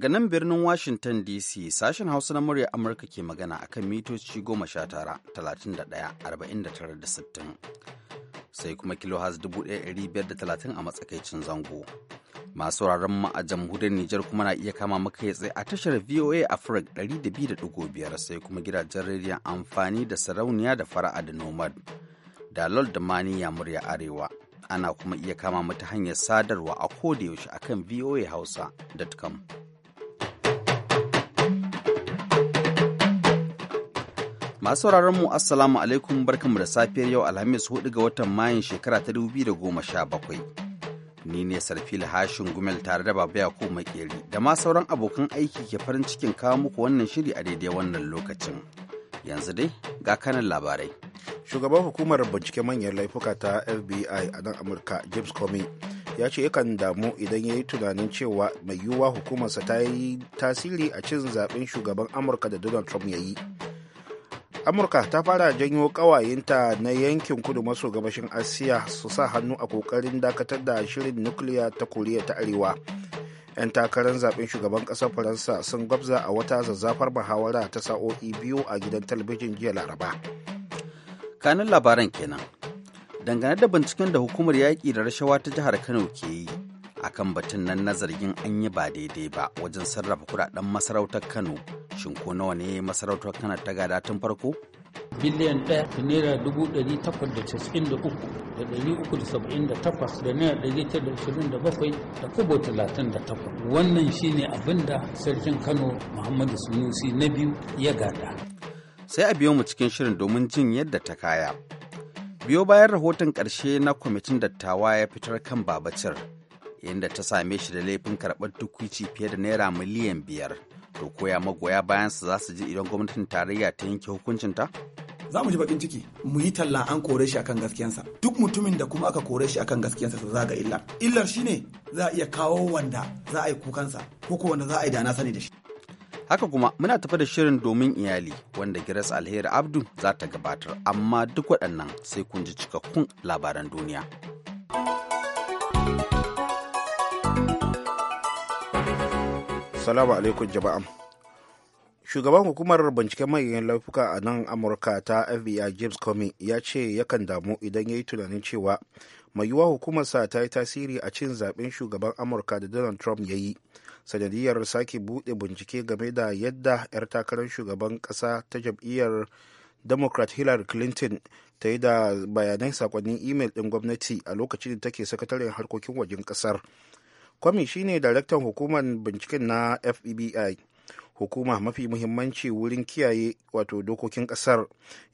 Daga nan birnin Washington DC sashen Hausa na murya Amurka ke magana akan mitoci 19 31 da sittin, sai kuma kilohaz 1530 a matsakaicin zango. Masu mu a jamhuriyar Nijar kuma na iya kama maka tsaye a tashar VOA Africa biyar sai kuma gidajen rediyon amfani da sarauniya da fara'a da nomad. Dalol da maniya murya arewa ana kuma iya kama mata hanyar sadarwa a yaushe akan Hausa.com. Masu sauraron mu Assalamu alaikum barkanmu da safiyar yau Alhamis 4 ga watan Mayun shekara ta da goma sha bakwai Ni ne Sarfila Hashin Gumel tare da Baba ko Makeri da ma sauran abokan aiki ke farin cikin kawo muku wannan shiri a daidai wannan lokacin. Yanzu dai ga kanan labarai. Shugaban hukumar bincike manyan laifuka ta FBI a nan Amurka James Comey ya ce yakan damu idan ya yi tunanin cewa mai yiwuwa hukumarsa ta yi tasiri a cin zaben shugaban Amurka da Donald Trump ya yi. amurka ta fara janyo kawayenta na yankin kudu maso gabashin asiya su sa hannu a kokarin dakatar da shirin nukiliya ta koriya ta arewa 'yan takarar zaben shugaban kasar faransa sun gwabza a wata zazzafar muhawara ta sa'o'i biyu a gidan talabijin jiya laraba kanin labaran kenan dangane da binciken da hukumar yaƙi da rashawa ta jihar kano ke yi akan batun nan na zargin an yi ba daidai ba wajen sarrafa kudaden masarautar Kano. Shin ko nawa ne masarautar Kano ta gada tun farko? Biliyan ɗaya da naira dubu ɗari takwas da casa'in da uku da ɗari uku da saba'in da takwas da naira ɗari tara da ashirin da bakwai da kobo talatin da takwas. Wannan shine abin da sarkin Kano Muhammadu Sunusi na biyu ya gada. Sai a biyo mu cikin shirin domin jin yadda ta kaya. Biyo bayan rahoton ƙarshe na kwamitin dattawa ya fitar kan babacir. inda ta same shi da laifin karɓar tukwici fiye da naira miliyan biyar to koya magoya bayansa za su ji idan gwamnatin tarayya ta yanke hukuncinta za mu ji bakin ciki mu yi talla an kore shi akan gaskiyansa duk mutumin da kuma aka kore shi akan gaskiyansa to za ga illa illar shine za a iya kawo wanda za a yi kukansa ko ko wanda za a yi dana sani da shi haka kuma muna tafi da shirin domin iyali wanda giras alheri abdu za ta gabatar amma duk waɗannan sai kun ji cikakkun labaran duniya. salamu alaikum jama'a shugaban hukumar binciken manyan laifuka a nan amurka ta fbi james comey ya ce yakan damu idan ya yi tunanin cewa mai yiwuwa hukumarsa ta yi tasiri a cin zaɓen shugaban amurka da donald trump ya yi sanadiyar sake buɗe bincike game da yadda 'yar takarar shugaban ƙasa ta jam'iyyar democrat hillary clinton ta yi da bayanai sakonnin imel ɗin gwamnati a lokacin da take sakataren harkokin wajen ƙasar. kwami shine daraktan hukumar binciken na fbi hukuma mafi muhimmanci wurin kiyaye wato dokokin kasar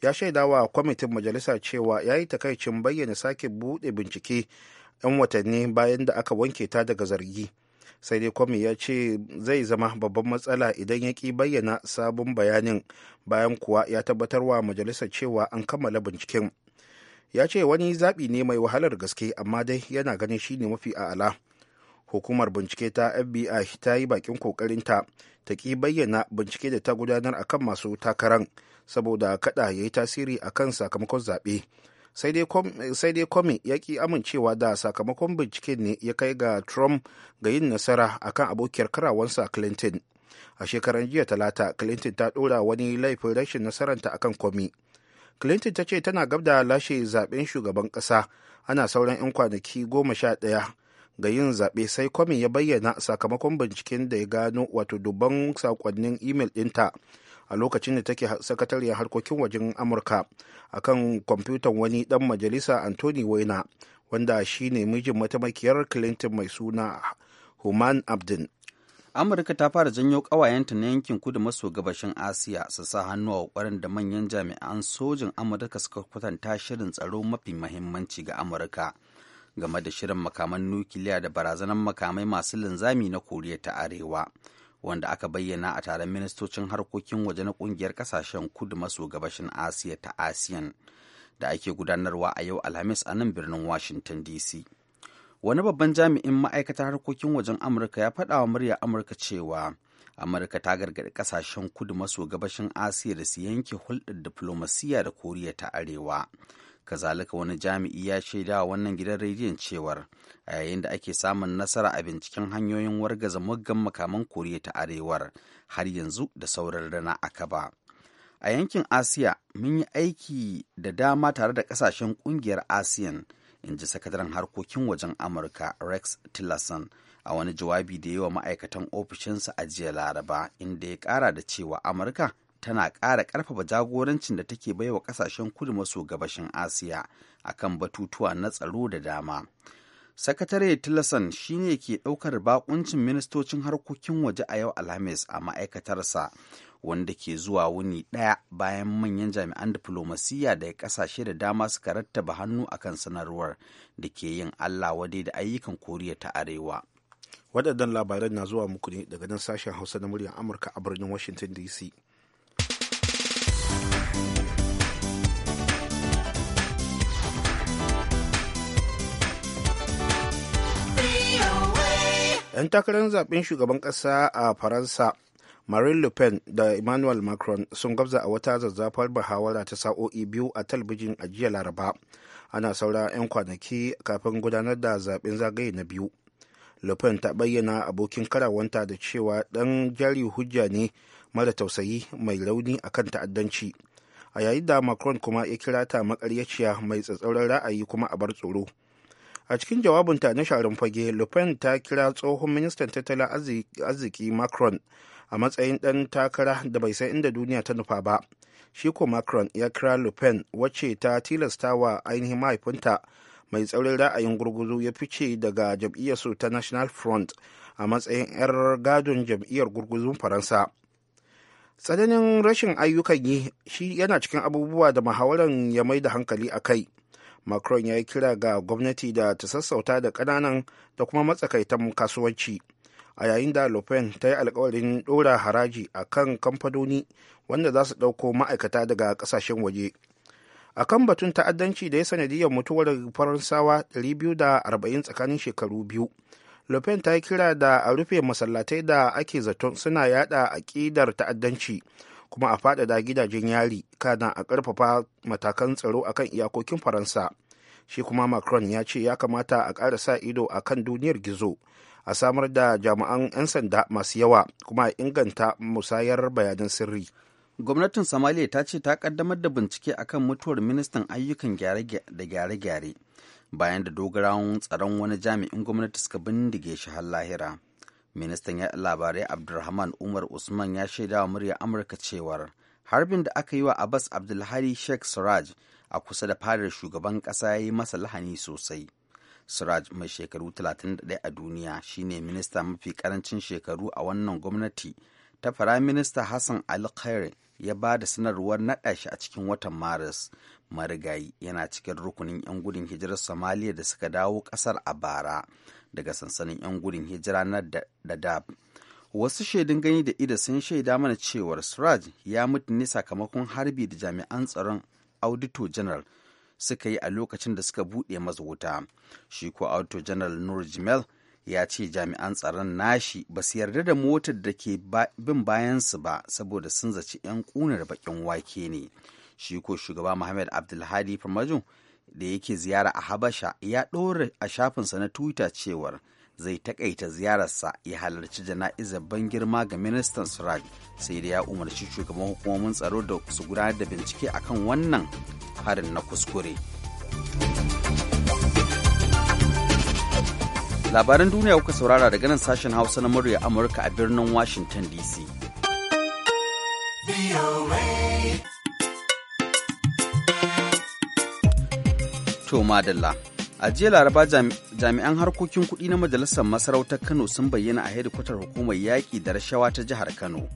ya shaidawa kwamitin majalisa cewa ya yi takaicin bayyana sake buɗe bincike 'yan watanni bayan da aka wanke ta daga zargi sai dai kwami ya ce zai zama babban matsala idan ya ki bayyana sabon bayanin bayan kuwa ya tabbatar wa majalisa cewa an kammala binciken ya ce wani zaɓi ne mai wahalar gaske amma dai yana ganin shine mafi a'ala hukumar bincike ta fbi ta yi bakin kokarinta ta ta ki bayyana bincike da ta gudanar akan masu takaran saboda kada ya yi tasiri akan sakamakon zaɓe sai dai komi ya ki amincewa da sakamakon bincike ne ya kai ga trump ga yin nasara akan abokiyar karawansa clinton a shekaran jiya talata clinton ta ɗora wani laifin rashin nasaranta akan komi clinton ta ce tana gab da lashe zaben shugaban ƙasa ana sauran 'yan kwanaki goma sha ɗaya ga yin zaɓe sai kwamin ya bayyana sakamakon binciken da ya gano wato dubban sakonnin imel ɗinta a lokacin da take sakatariyar harkokin wajen amurka a kan kwamfutan wani ɗan majalisa anthony waina wanda shi ne mijin matamakiyar clinton mai suna human abdin amurka ta fara janyo ƙawayenta na yankin kudu maso gabashin asiya su sa hannu a ƙoƙarin da manyan jami'an sojin amurka suka kwatanta shirin tsaro mafi mahimmanci ga amurka game da shirin makaman nukiliya da barazanar makamai masu linzami na koriya ta arewa wanda aka bayyana a taron ministocin harkokin waje na kungiyar kasashen kudu maso gabashin asiya ta asiyan da ake gudanarwa a yau alhamis a nan birnin washington dc wani babban jami'in ma'aikatar harkokin wajen amurka ya faɗa wa murya amurka cewa amurka ta gargaɗi ƙasashen kudu maso gabashin asiya da su yanke hulɗar diflomasiyya da koriya ta arewa kazalika wani jami'i ya shaida wannan gidan rediyon cewar a yayin da ake samun nasara a binciken hanyoyin wargaza muggan makaman koriya ta arewar har yanzu da sauran rana aka ba a yankin asiya mun yi aiki da dama tare da kasashen kungiyar asiyan in ji sakataren harkokin wajen amurka rex tillerson a wani jawabi da yi wa ma'aikatan ofishinsa a jiya laraba inda ya kara da cewa amurka tana ƙara ƙarfafa jagorancin da take baiwa ƙasashen kudu maso gabashin asiya akan batutuwa na tsaro da dama sakatare tillerson shine ke ɗaukar baƙuncin ministocin harkokin waje a yau alhamis a ma'aikatarsa wanda ke zuwa wuni ɗaya bayan manyan jami'an diflomasiyya daga ƙasashe da dama suka rattaba hannu akan sanarwar da ke yin allah wadai da ayyukan koriya ta arewa waɗannan labaran na zuwa muku ne daga nan sashen hausa na muryar amurka a birnin washington dc 'yan takarar zaben shugaban ƙasa a faransa marine le pen da emmanuel macron sun gabza a wata zazzafar bahawara ta sa'o'i biyu a talbijin a jiya laraba ana saura 'yan kwanaki kafin gudanar da zaben zagaye na biyu le pen ta bayyana abokin karawanta da cewa ɗan jari hujja ne mara tausayi mai rauni a kan ta'addanci a yayin da macron kuma ya kira ta makaryaciya mai tsatsauran ra'ayi kuma a bar tsoro a cikin jawabinta na sharin fage lupin ta kira tsohon ministan tattalin arziki macron a matsayin ɗan takara da bai san inda duniya ta nufa ba shi ko macron ya kira lupin wacce ta tilasta wa ainihin mahaifinta mai tsaurin ra'ayin gurguzu ya fice daga jam'iyyarsu ta national front a matsayin 'yar gadon jam'iyyar gurguzun faransa tsananin rashin ayyukan yi shi yana cikin abubuwa da muhawaran ya mai da hankali a kai macron ya yi kira ga gwamnati da ta sassauta da kananan da kuma matsakaitan kasuwanci a yayin da le ta yi alkawarin ɗora haraji a kan kamfanoni wanda za su ɗauko ma'aikata daga ƙasashen waje a kan batun ta'addanci da ya sanadiyar mutuwar faransawa 240 tsakanin shekaru biyu lopen ta yi kira da a rufe masallatai da ake zaton suna yada aƙidar ta'addanci kuma a faɗaɗa gidajen yari kana a ƙarfafa matakan tsaro akan iyakokin faransa shi kuma macron ya ce ya kamata a ƙara sa ido a kan duniyar gizo a samar da jami'an 'yan sanda masu yawa kuma a inganta musayar bayanan sirri gwamnatin somalia ta ce ta kaddamar da bincike akan mutuwar ministan ayyukan gyare da gyare-gyare bayan da dogarawan tsaron wani jami'in gwamnati suka bindige shi har lahira ministan ya labarai abdulrahman umar usman ya shaida wa murya amurka cewar harbin da aka yi wa abbas abdulhari sheikh siraj a kusa da fadar shugaban kasa ya yi masa lahani sosai siraj mai shekaru 31 a duniya shine minista mafi karancin shekaru a wannan gwamnati ta Minista hassan alkhairi ya ba da sanarwar naɗa shi a cikin watan maris marigayi yana cikin rukunin 'yan gudun hijirar somaliya da suka dawo kasar a bara daga sansanin 'yan gudun hijira na dadab wasu shaidun gani da ida sun shaida mana cewar suraj ya mutu ne sakamakon harbi da jami'an tsaron audito general suka yi a lokacin da suka buɗe masa wuta shi ko audito general nur jimel ya ce jami'an tsaron nashi ba su yarda da motar da ke bin bayansu ba saboda sun zaci 'yan ƙunar baƙin wake ne shi ko shugaba Muhammad Abdulhadi Farmajo da yake ziyara a Habasha ya ɗora a shafinsa na Twitter cewar zai takaita ziyararsa ya halarci jana'izar ban girma ga ministan Suraj sai da ya umarci shugaban hukumomin tsaro da su gudanar da bincike akan wannan harin na kuskure. Labaran duniya kuka saurara daga nan sashen Hausa na murya Amurka a birnin Washington DC. To madalla. A jiya laraba jami'an harkokin kuɗi na majalisar masarautar Kano sun bayyana a hedikwatar hukumar yaƙi da rashawa ta jihar Kano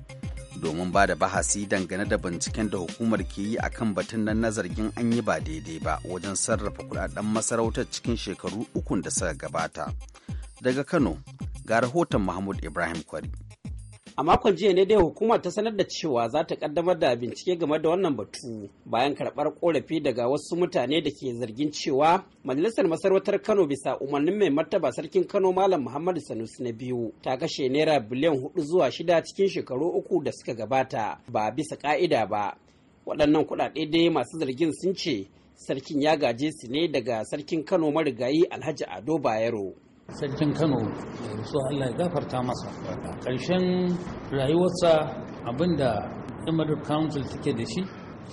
domin ba da bahasi dangane da binciken da hukumar ke yi akan batun nan na zargin an yi ba daidai ba wajen sarrafa kuɗaɗen masarautar cikin shekaru ukun da suka gabata. Daga Kano, ga rahoton Mahmud Ibrahim Kwari. A makon jiya ne dai hukumar ta sanar da cewa za ta kaddamar da bincike game da wannan batu bayan karɓar korafi daga wasu mutane da ke zargin cewa majalisar masarautar Kano bisa umarnin mai martaba sarkin Kano Malam Muhammadu Sanusi na biyu ta kashe naira biliyan hudu zuwa shida cikin shekaru uku da suka gabata ba bisa ka'ida ba. Waɗannan kuɗaɗe dai masu zargin sun ce sarkin ya gaje su ne daga sarkin Kano marigayi Alhaji Ado Bayero. sarkin kano su allah ya gafarta masa ƙarshen rayuwarsa abinda emirate council take da shi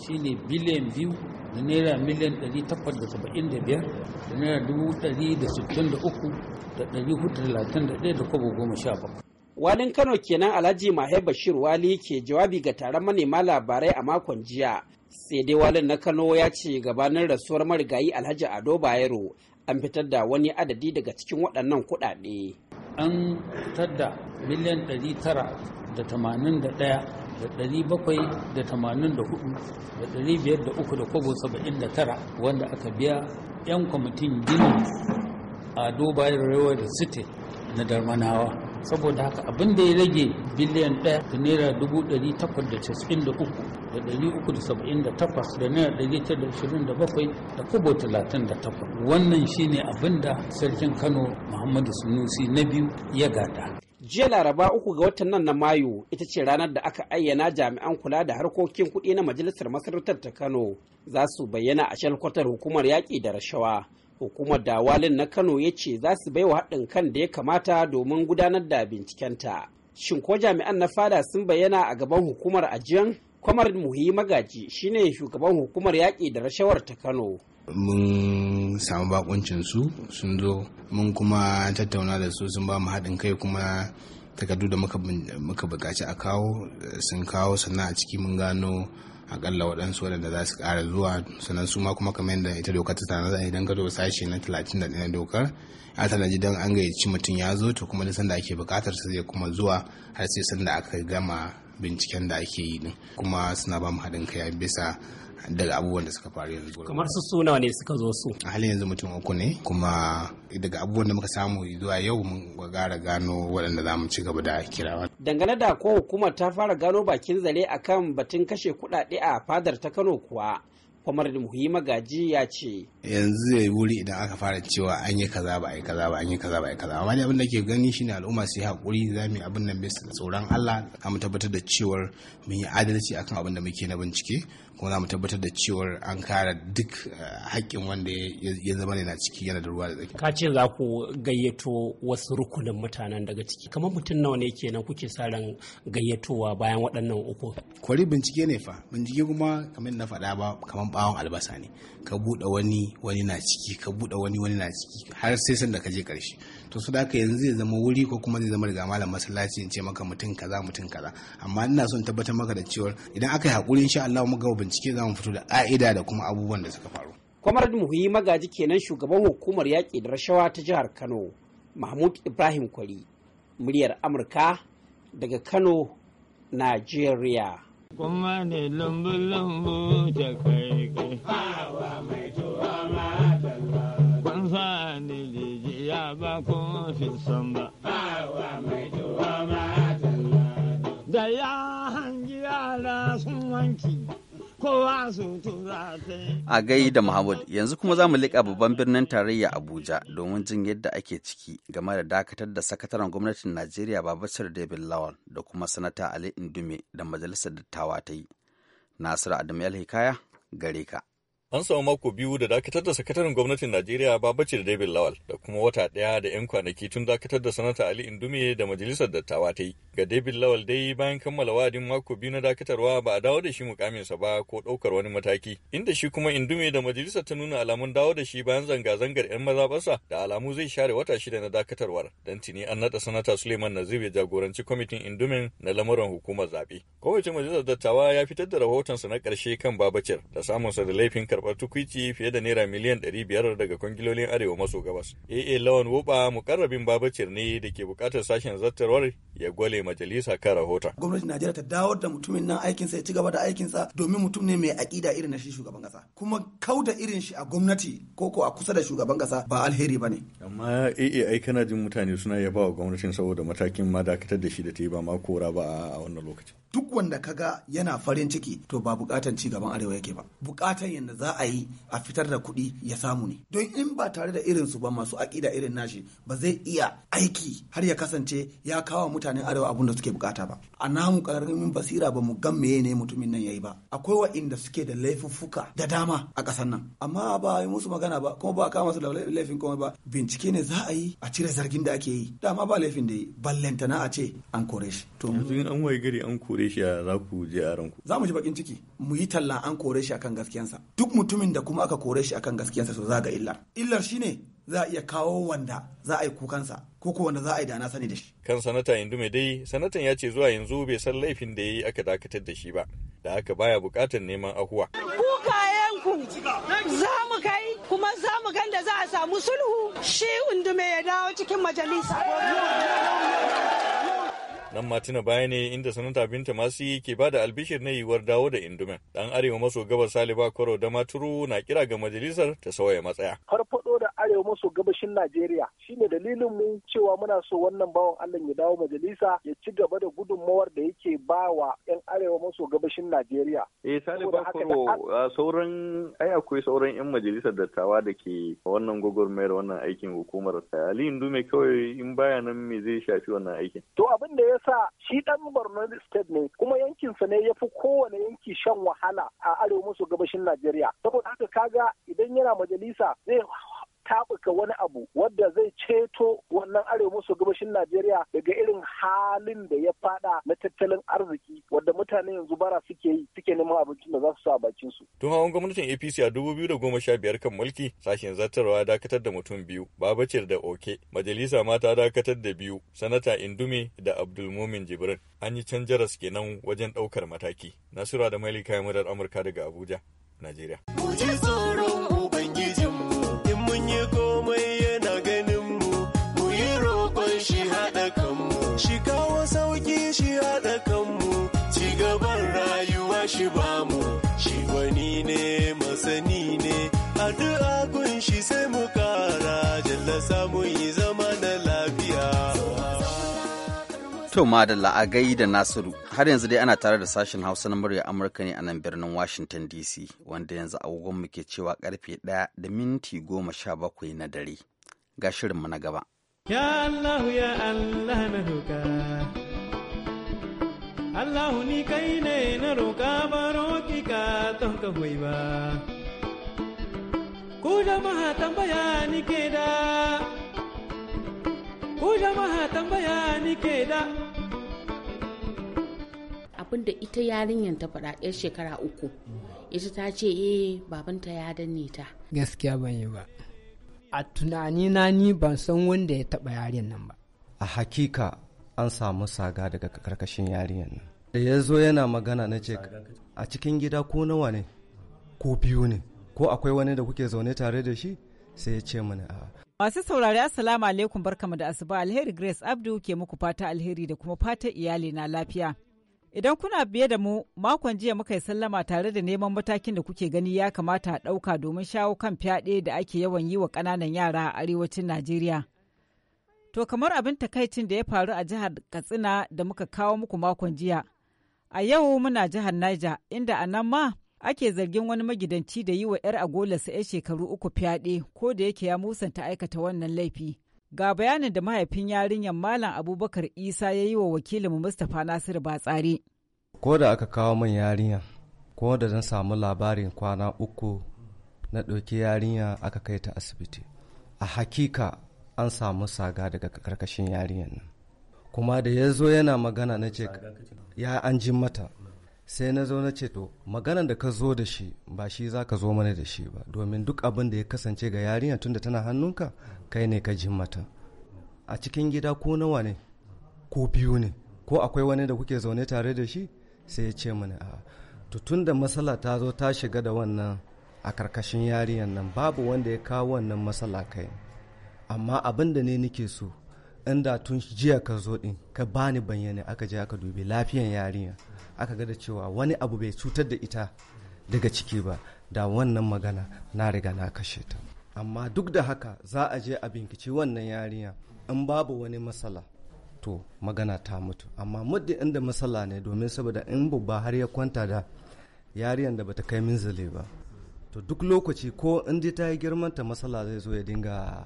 shine biliyan biyu da naira miliyan 875 da naira 163 da kwabo goma sha bakwai. Walin Kano kenan Alhaji Mahe Bashir Wali ke jawabi ga taron manema labarai a makon jiya. Sai dai walin na Kano ya ce gabanin rasuwar marigayi Alhaji Ado Bayero an fitar da wani adadi daga cikin waɗannan kuɗaɗe. An fitar da miliyan tara da tamanin da da da da da ɗari ɗari bakwai hudu, biyar uku saba'in da tara wanda aka biya 'yan kwamitin gini a Dubai Railway City na Darmanawa. saboda haka abin da ya rage biliyan ɗaya da naira dubu ɗari takwas da casa'in da uku da ɗari uku da saba'in da takwas da naira ɗari tara da ashirin da bakwai da kubo talatin da takwas wannan shine abin da sarkin kano muhammadu sunusi na biyu ya gada jiya laraba uku ga watan nan na mayu ita ce ranar da aka ayyana jami'an kula da harkokin kuɗi na majalisar masarautar ta kano za su bayyana a shalkwatar hukumar yaƙi da rashawa hukumar dawalin na kano ya ce za su baiwa haɗin kan da ya kamata domin gudanar da bincikenta shin ko jami'an na fada sun bayyana a gaban hukumar ajiyan kwamar muhi magaji shine shugaban hukumar yaƙi da rashawar ta kano mun samu bakuncin su sun zo mun kuma tattauna da su sun ba mu haɗin kai kuma takardu da muka bukaci a kawo sun kawo sannan a ciki mun gano akalla waɗansu waɗanda za su ƙara zuwa sannan su ma kuma kamar yadda ita dokar ta za a yi ka gado sashe na 31 na dokar a tanaji don an gayyaci mutum ya zo to kuma da sanda ake buƙatar su zai kuma zuwa har sai sanda aka gama binciken da ake yi kuma suna ba mu haɗin kai bisa daga abubuwan da suka faru yanzu kamar su suna ne suka zo su a halin yanzu mutum uku ne kuma daga abubuwan da muka samu zuwa yau mun gara gano waɗanda za mu ci gaba da kirawa dangane da ko hukumar ta fara gano bakin zare akan batun kashe kuɗaɗe a fadar ta Kano kuwa kwamar da muhimmi magaji ya ce yanzu zai wuri idan aka fara cewa an yi kaza ba yi kaza ba an yi kaza ba yi kaza amma dai abin da ke gani shine al'umma su yi hakuri za mu yi abin nan bisa tsoron Allah a mu tabbatar da cewar mun yi adalci akan abin da muke na bincike kuma za mu tabbatar da cewar an kare duk eh, haƙƙin wanda ya zama ne na ciki yana da ruwa da tsaki. Ka ce za ku gayyato wasu rukunin mutanen daga ciki kamar mutum nawa ne kenan kuke sa ran gayyatowa bayan waɗannan uku. Kwari bincike ne fa bincike kuma kamar na faɗa ba kamar ɓawon albasa ne ka buɗe wani wani na ciki ka buɗe wani wani na ciki har sai sanda ka je ƙarshe. to su haka yanzu zai zama wuri ko kuma zai zama daga malam masallaci in ce maka mutum kaza mutum kaza amma ina son tabbatar maka da cewa idan aka yi hakuri insha Allah mu ga bincike zamu fito da ka'ida da kuma abubuwan da suka faru kwamar muhuyi magaji kenan shugaban hukumar yaƙi da rashawa ta jihar Kano Mahmud Ibrahim Kwari muryar Amurka daga Kano Najeriya kuma ne lambu lambu da kai kai san Bawa mai tuwa ma Da ya hangi ala sun wanki. kowa su tura A gai da mahmud yanzu kuma za mu liƙa babban birnin tarayya Abuja domin jin yadda ake ciki game da dakatar da sakataren gwamnatin Najeriya Babacir David Lawal da kuma sanata Ali Indume da majalisar dattawa ta yi. Nasiru Adamu Hikaya gare ka. An samu mako biyu da dakatar da sakataren gwamnatin Najeriya Babace da David Lawal da kuma wata ɗaya da 'yan kwanaki tun dakatar da sanata Ali Indume da majalisar dattawa ta yi. Ga David Lawal dai bayan kammala wa'adin mako biyu na dakatarwa ba a dawo da shi mukaminsa ba ko ɗaukar wani mataki. Inda shi kuma Indume da majalisar ta nuna alamun dawo da shi bayan zanga-zangar 'yan mazaɓarsa da alamu zai share wata shida na dakatarwar. Dan tuni an naɗa sanata Suleiman Nazir ya jagoranci kwamitin indumin na lamuran hukumar zaɓe. Kwamitin majalisar dattawa ya fitar da rahotonsa na ƙarshe kan Babacir da samunsa da laifin karɓar tukwici fiye da naira miliyan ɗari 500 daga kwangilolin arewa maso gabas. AA Lawan Wuba mukarrabin babacir ne da ke buƙatar sashen zartarwar ya gwale majalisa kan rahota. Gwamnatin Najeriya ta dawo da mutumin nan aikinsa ya ci gaba da aikinsa domin mutum ne mai aƙida irin na shi shugaban kasa. Kuma da irin shi a gwamnati ko ko a kusa da shugaban kasa ba alheri ba ne. Amma AA ai kana jin mutane suna yaba wa gwamnatin saboda matakin ma dakatar da shi da ta yi ba ma kora ba a wannan lokacin. duk wanda ka ga yana farin ciki to ba bukatan ci gaban arewa yake ba bukatan yadda za a yi a fitar da kuɗi ya samu ne don in ba tare da irin su ba masu aƙida irin nashi ba zai iya aiki har ya kasance ya kawo mutanen arewa abun da suke bukata ba a namu karamin basira ba mu gan meye ne mutumin nan yayi ba akwai wa'inda suke da laifuffuka da dama a ƙasar nan amma ba yi musu magana ba kuma ba a kama su da laifin kuma ba bincike ne za a yi a cire zargin da ake yi dama ba laifin da yi ballantana a ce an kore shi to yanzu an waye gari an kore kore shi za ku je a ranku za mu ji bakin ciki mu yi talla an kore shi akan gaskiyansa duk mutumin da kuma aka kore shi akan gaskiyansa so za ga illar illar ne za a iya kawo wanda za a yi kukansa ko ko wanda za a yi dana sani da shi kan sanata indume dai sanatan ya ce zuwa yanzu bai san laifin da ya yi aka dakatar da shi ba da haka baya buƙatar neman ahuwa ku za mu kai kuma za mu da za a samu sulhu shi undume ya dawo cikin majalisa Nan Martina baya ne inda sanata Binta Masi ke ba da albishir na yiwuwar dawo da indumin Dan Arewa maso gabas Saliba Kwaro da Maturu na kira ga majalisar ta sauya matsaya. farfado da arewa maso gabashin Najeriya shine dalilin mu cewa muna so wannan bawan Allah ya dawo majalisa ya ci gaba da gudunmawar da yake bawa yan arewa maso gabashin Najeriya. Eh Sani Bakoro sauran ai akwai sauran yan majalisar dattawa da ke wannan gwagwarmayar wannan aikin hukumar Ali Indume kawai in baya nan me zai shafi wannan aikin. To abin da ya sa shi dan Borno State ne kuma yankinsa ne yafi kowane yanki shan wahala a arewa maso gabashin Najeriya. Saboda haka kaga idan yana majalisa zai taɓuka wani abu wadda zai ceto wannan arewa maso gabashin Najeriya daga irin halin da ya fada na tattalin arziki wadda mutane yanzu bara suke yi suke neman abincin da za su sa bakin su. Tun hawan gwamnatin APC a dubu biyu goma sha biyar kan mulki sashen zartarwa dakatar da mutum biyu Babacir da Oke majalisa mata dakatar da biyu sanata Indume da mumin Jibrin an yi can jaras kenan wajen ɗaukar mataki. Nasura da Malika Yamurar Amurka daga Abuja, Najeriya. Mu yi komai yana ganin mu mu yi roƙon shi haɗa kanmu shi kawo sauki shi haɗa kanmu ci gaban rayuwa shi bamu shi wani ne masani ne addu'a kun shi sai mu kara jalla samu yi To madalla da gai da Nasiru har yanzu dai ana tare da sashen Hausa na murya Amurka ne a nan birnin Washington DC wanda yanzu agogonmu ke cewa karfe ɗaya da minti goma sha bakwai na dare. Ga shirinmu na gaba. Ya Allah ya Allah na roka Allah ni kai ne na roka baro ki ka ton ka hoyi ba. Ku jama'a tambaya ni ke da. Ku jama'a tambaya ni ke da. abin da ita yarinyar ta faɗa yar shekara uku ita ta ce eh babanta ya danne ta gaskiya ban yi ba a tunanina ni ban san wanda ya taɓa yarin nan ba a hakika an samu saga daga karkashin yarinyar nan da ya zo yana magana na ce a cikin gida ko nawa ne ko biyu ne ko akwai wani da kuke zaune tare da shi sai ya ce mana a Masu saurari Assalamu alaikum barkamu da asuba alheri Grace Abdu ke muku fata alheri da kuma fata iyali na lafiya. Idan kuna biye da mu makon jiya muka yi sallama tare da neman matakin da kuke gani ya kamata a ɗauka domin shawo kan fyaɗe da ake yawan yi wa ƙananan yara a arewacin Najeriya. To kamar abin takaicin da ya faru a jihar Katsina da muka kawo muku makon jiya. A yau muna jihar Niger inda a nan ma ake zargin wani magidanci da yi wa 'yar agolarsa 'yar shekaru uku fyaɗe ko da yake ya musanta aikata wannan laifi. Ga bayanin da mahaifin yarinyar Malam Abubakar Isa ya yi wa wakilinmu Mustapha Nasiru Batsari. Ko da aka kawo min yarinya, ko da zan samu labarin kwana uku na ɗauki yarinya aka kai ta asibiti. A hakika an samu saga daga karkashin yarinyar nan. Kuma da ya zo yana magana na ce ya an mata. sai na zo na ce to maganan da ka zo da shi ba shi za ka zo mana da shi ba domin duk abin da ya kasance ga yarinya tunda tana hannunka kai ne ka jin mata a cikin gida ko nawa ne ko biyu ne ko akwai wani da kuke zaune tare da shi sai ya ce mana a to tunda matsala ta zo ta shiga da wannan a karkashin yarinyar nan babu wanda ya kawo wannan matsala kai amma abin da ne nake so inda tun jiya ka zo din ka bani bayyane aka je aka dubi lafiyan yarinya aka ga da cewa wani abu bai cutar da ita daga ciki ba da wannan magana na riga na kashe ta amma duk da haka za a je a binkici wannan yarinya in babu wani matsala to magana ta mutu amma muddin inda matsala ne domin saboda in babba har ya kwanta da yariyan da bata kai min minzali ba to duk lokaci ko in dai ta yi girmanta matsala zai zo ya dinga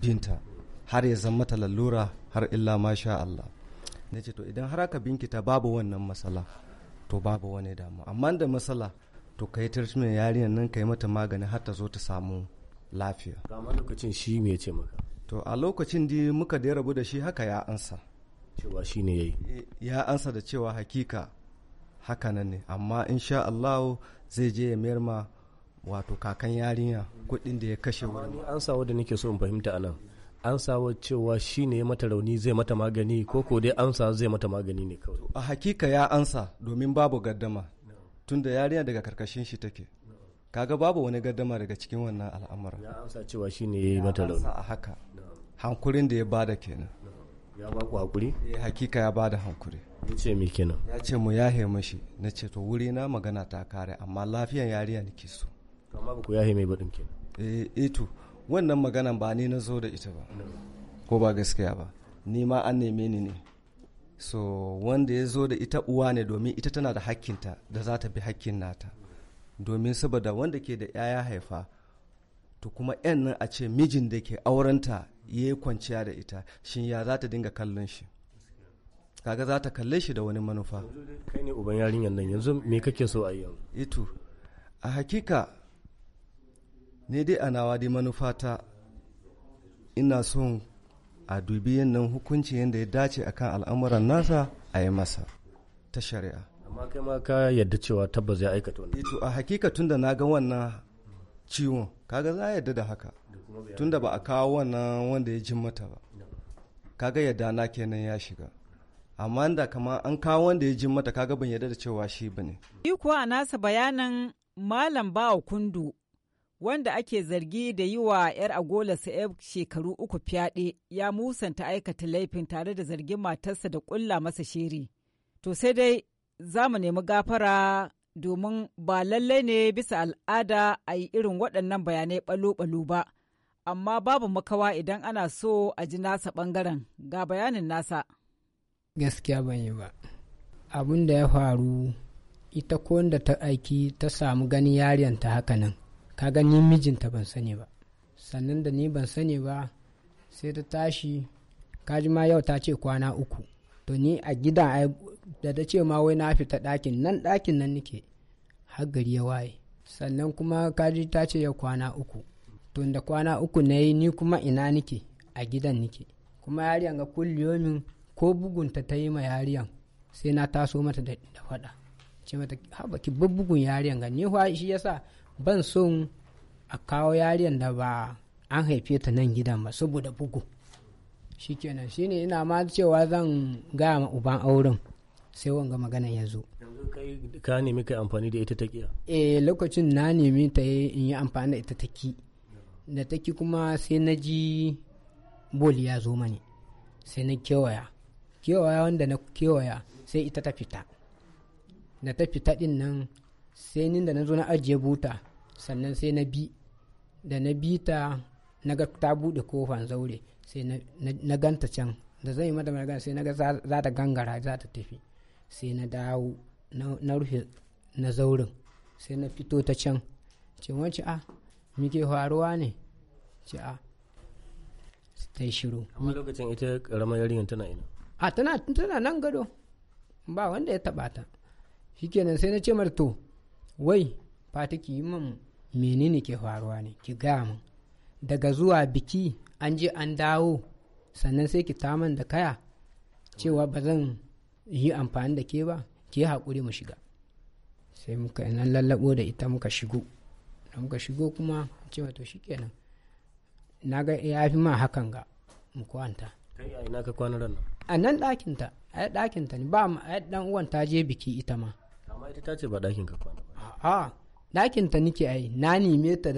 binta har ya zama ta lallura har illa masha Allah na ce to idan har aka binkita babu wannan matsala to babu wani damu amma da matsala to ka yi tarshimiyar yarinyar nan ka yi mata magani har ta zo ta samu lafiya amma lokacin shi me ce maka to a lokacin da muka da rabu da shi haka ya ansa cewa shi ne yayi eh, ya ansa da cewa hakika haka nan ne amma insha Allah zai je ya mayar ma wato kakan yarinya kuɗin da ya kashe wani ansa wanda nake so in fahimta anan an sawa cewa shi ne mata rauni zai mata magani ko ko dai ansa zai mata magani ne kawai a hakika ya ansa domin babu gaddama tunda yarinya daga karkashin shi take kaga babu wani gaddama daga cikin wannan al'amura ya ansa cewa shi ne ya yi mata rauni a haka hankurin da ya bada kenan ya ba ku hakuri eh hakika ya bada hankuri ya ce me kenan ya ce mu ya yahe mashi na ce to wuri na magana ta kare amma lafiyan yarinya nake so amma ba ku yahe mai baɗin kenan eh, eh wannan magana ba ni na zo da ita ba ko ba gaskiya ba ni ma an neme ni ne so wanda ya zo da ita uwa ne domin ita tana da hakkinta da za ta bi hakkin nata domin saboda wanda ke da 'ya'ya haifa to kuma 'yan nan a ce mijin da ke aurenta ya yi kwanciya da ita shi ya za ta dinga kallon shi kaga za ta kalle shi da wani manufa kai ne uban yarinyar nan yanzu me kake so a yanzu ito a hakika ne dai a nawa dai manufata ina son a dubi yannan hukunci yadda ya dace akan al'amuran nasa a yi masa ta shari'a amma kai ma ka yadda cewa tabbas ya aikata wannan eh to a hakika da na ga wannan ciwon kaga za a yadda da haka tun da ba a kawo wannan wanda ya jin ba kaga yadda na kenan ya shiga amma da kama an kawo wanda ya jin mata kaga ban yadda da cewa shi bane. ne kuwa a nasa bayanin Malam Bawa Kundu wanda ake zargi da yi wa 'yar agola sa'ib shekaru uku fyaɗe ya musanta aikata laifin tare da zargin matarsa da ƙulla masa shiri. To sai dai za mu nemi gafara domin ba lallai ne bisa al'ada a yi irin waɗannan bayanai ɓalo-ɓalo ba, amma babu makawa idan ana so a ji nasa ɓangaren ga bayanin nasa. Gaskiya ban yi ba. Abin da ya faru ita ko da ta aiki ta samu ganin yarinta hakanan. ka gani mijinta ban sani ba sannan da ni ban sani ba sai ta tashi kaji ma yau ta ce kwana uku to ni a gidan da ta ce ma wai na fita ɗakin nan ɗakin nan nike har gari ya waye sannan kuma kaji ta ce yau kwana uku to da kwana uku na yi ni kuma ina nike a gidan nike kuma yariyan ga kulliyomin ko bugunta ta yi ma yariyan sai na taso mata da faɗa ce mata haba ki bugun yariyan ga ni shi yasa ban son a kawo yariyan da ba an haife ta nan gidan ba saboda bugu shikenan shine ina ma cewa zan gaya ma uban auren sai wanga magana ya zo ka nemi kai amfani da ita takiya e eh, lokacin na nemi ta in yi amfani da ita taki da taki kuma sai na ji bol ya zo mani sai na kewaya kewaya wanda na kewaya sai ita ta fita da ta fita din nan sai ni da na zo na ajiye buta sannan sai na bi da na bi ta na ga ta buɗe kofan zaure sai na ganta can da zan yi mata gani sai na ga za ta gangara za ta tafi sai na dawo na rufe na zaurin sai na fito ta can ce wance a ah, muke faruwa ne ce a ah, ta yi shiru amma lokacin ita karamar yarinyar tana ina a tana tana nan gado ba wanda ya taɓa ta shikenan sai na ce marto wai fatiki yi mamu menene ke faruwa ne ki gaya min daga zuwa biki an je an dawo sannan sai ki taman da kaya cewa ba zan yi amfani da ke ba ki haƙuri mu shiga sai muka nan lallabo da ita muka shigo da muka shigo kuma cewa to shikenan na ga ya fi ma hakan ga mu kwanta kai a a nan ɗakin ta a ɗakin ta ne ba ma a ɗan uwan ta je biki ita ma amma ita ta ce ba ɗakin ka kwana ba ɗakin ta nike ai na nime ta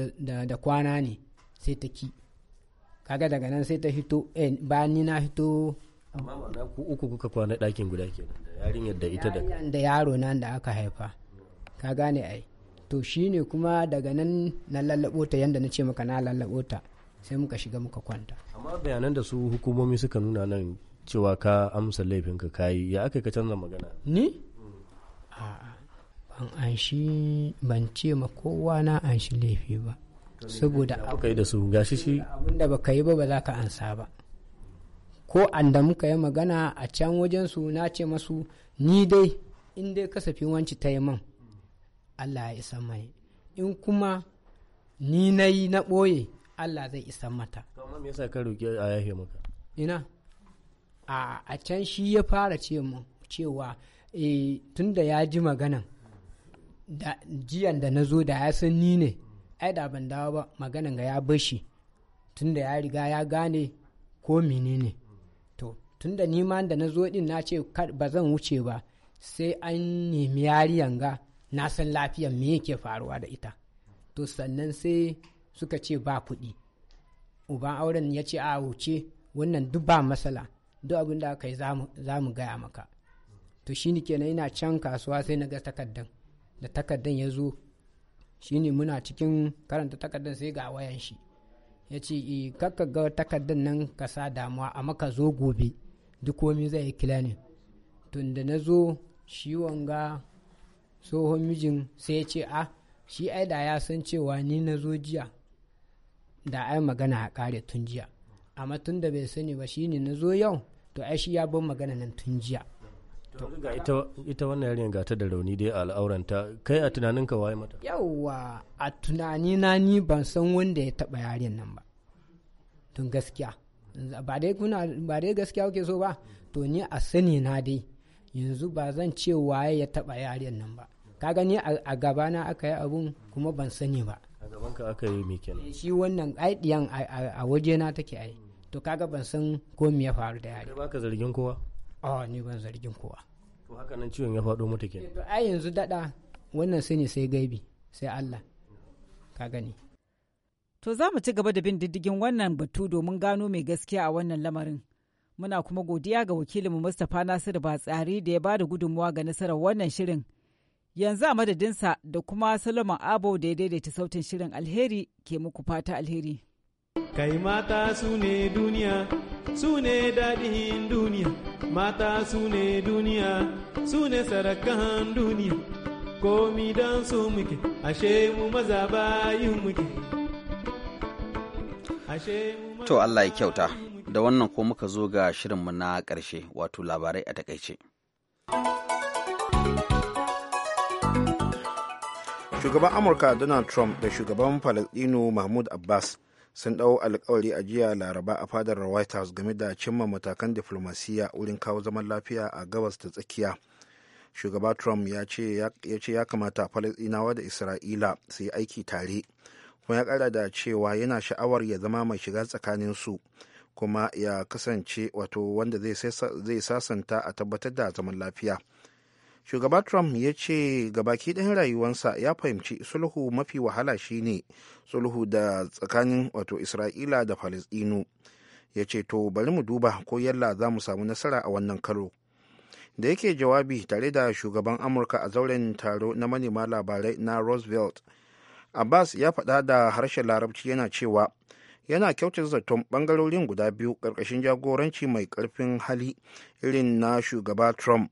da kwana ne sai ta ki kaga daga nan sai ta hito eh ni na hito amma ku uku kuka kwana ɗakin guda ke da yarinyar da ita da da yaro nan da aka haifa ka gane ai to shine kuma daga nan na lallabo ta yanda na ce maka na lallabo ta sai muka shiga muka kwanta amma bayanan da su hukumomi suka nuna nan cewa ka amsa laifinka kayi ya aka ka canza magana ni mm. a'a an anshi ban ce ma kowa na anshi laifi ba saboda abin da baka yi ba ba za ka ansa ba ko anda muka yi magana a can wajensu na ce masu ni dai in dai kasafin wanci ta yi man Allah ya isa mai in kuma ni na yi na ɓoye Allah zai isa mata. a Ina a can shi ya fara ce cewa eh, tun da ya ji maganan jiyan da na zo da ya san ni ne ai da ban dawo ba maganan ga ya bashi tunda ya riga ya gane ko menene to tunda ni ma da na zo din na ce ba zan wuce ba sai an nemi yariyan ga na san lafiyan me yake faruwa da ita to sannan sai suka ce ba kuɗi uban auren ya ce a wuce wannan duk ba matsala duk abin da aka yi za mu gaya maka to shi kenan ina can kasuwa sai na ga takardan da takardan ya zo shine muna cikin karanta takardan sai ga wayan shi ya ce e, kakka ga takardan nan ka sa damuwa a maka zo gobe duk komi zai yi ne tun da na zo shi wanga tsohon mijin sai ya ce a shi ai da ya san cewa ni na zo jiya da ai magana a kare tun jiya amma tun bai sani ba shine na zo yau to ai shi ya bar magana nan tun jiya ita wannan yarinyar ga ta da rauni dai al'auranta kai a tunanin ka waye mata yawwa a tunanina ni ban san wanda ya taba yarin nan ba tun gaskiya ba dai kuna ba dai gaskiya kuke so ba to ni a sani na dai yanzu ba zan ce waye ya taba yarin nan ba ka gani a gabana aka yi abun kuma ban sani ba a gaban ka aka yi me kenan eh, shi wannan aidiyan a wajena take ai to kaga ban san ko me ya faru da yari ba ka zargin kowa a ni ban zargin kowa to haka nan ciwon ya faɗo mata kenan to ai yanzu dada wannan sai ne sai gaibi sai Allah ka gani to za mu ci gaba da bin diddigin wannan batu domin gano mai gaskiya a wannan lamarin muna kuma godiya ga wakilinmu Mustapha Nasiru Batsari da ya ba da gudunmuwa ga nasarar wannan shirin yanzu a madadinsa da kuma Solomon Abo da ya daidaita sautin shirin alheri ke muku fata alheri Kai mata su ne duniya, su ne daɗin duniya, mata su ne duniya, su ne sarakan duniya. Komi don su muke, ashe mu maza bayin muke. To Allah ya kyauta, da wannan ko muka zo ga shirinmu na ƙarshe wato labarai a takaice. Shugaban Amurka Donald Trump da shugaban Falasɗinu Mahmud Abbas sun ɗau alkawari a jiya laraba a fadar white house game da cimma matakan diflomasiyya wurin kawo zaman lafiya a gabas ta tsakiya shugaba trump ya ce ya kamata falasɗinawa da isra'ila su yi aiki tare kuma ya ƙara da cewa yana sha'awar ya zama mai shiga tsakanin su kuma ya kasance wato wanda zai sasanta a tabbatar da zaman lafiya shugaba trump ya ce gabaki ɗin rayuwansa ya fahimci sulhu mafi wahala shine sulhu da tsakanin wato isra'ila da palestino ya ce to bari mu duba ko yalla za mu samu nasara a wannan karo da yake jawabi tare da shugaban amurka a zauren taro na manema labarai na roosevelt abbas ya faɗa da harshen larabci yana cewa yana kyautar zaton ɓangarorin guda biyu ƙarƙashin jagoranci mai ƙarfin hali irin na shugaba trump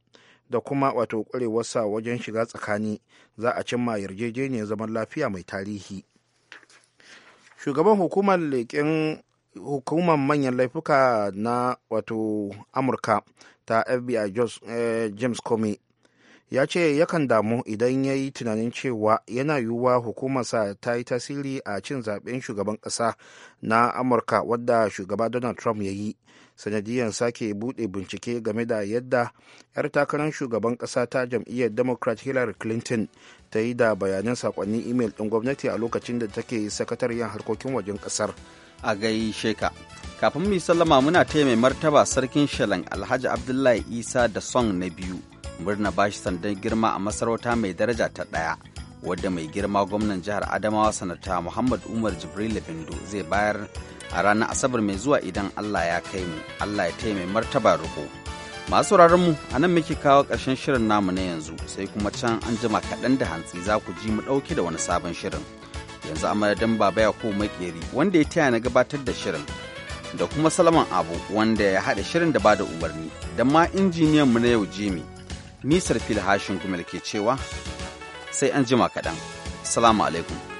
da kuma wato ƙwarewarsa wajen shiga tsakani za a cimma yarjejeniyar zaman lafiya mai tarihi shugaban hukumar leƙen hukumar manyan laifuka na wato amurka ta fbi Josh, eh, james comey ya ce yakan damu idan ya yi tunanin cewa yana yiwuwa hukumarsa ta yi tasiri a cin zaben shugaban ƙasa na amurka wadda shugaba donald trump ya yi sanadiyar sake bude bincike game da yadda 'yar takarar shugaban kasa ta jam'iyyar democrat hillary clinton ta yi da bayanan sakonnin imel din gwamnati a lokacin da take sakatariyar harkokin wajen kasar. a gaishe ka kafin mu sallama muna taya mai martaba sarkin shalan alhaji abdullahi isa da son na biyu murna bashi sandan girma a masarauta mai daraja ta daya wadda mai girma gwamnan jihar adamawa sanata muhammad umar jibril bindo zai bayar a ranar Asabar mai zuwa idan Allah ya kai mu, Allah ya taimai martaba ruko. Masu mu a nan muke kawo ƙarshen shirin namu na yanzu sai kuma can an jima kaɗan da hantsi za ku ji mu ɗauke da wani sabon shirin. Yanzu a madadin Baba koma Makeri wanda ya taya na gabatar da shirin da kuma Salaman Abu wanda ya haɗa shirin da bada umarni da ma injiniyan mu na yau Jimi. Nisar Fil Hashin Gumel ke cewa sai an jima kaɗan. Salamu alaikum.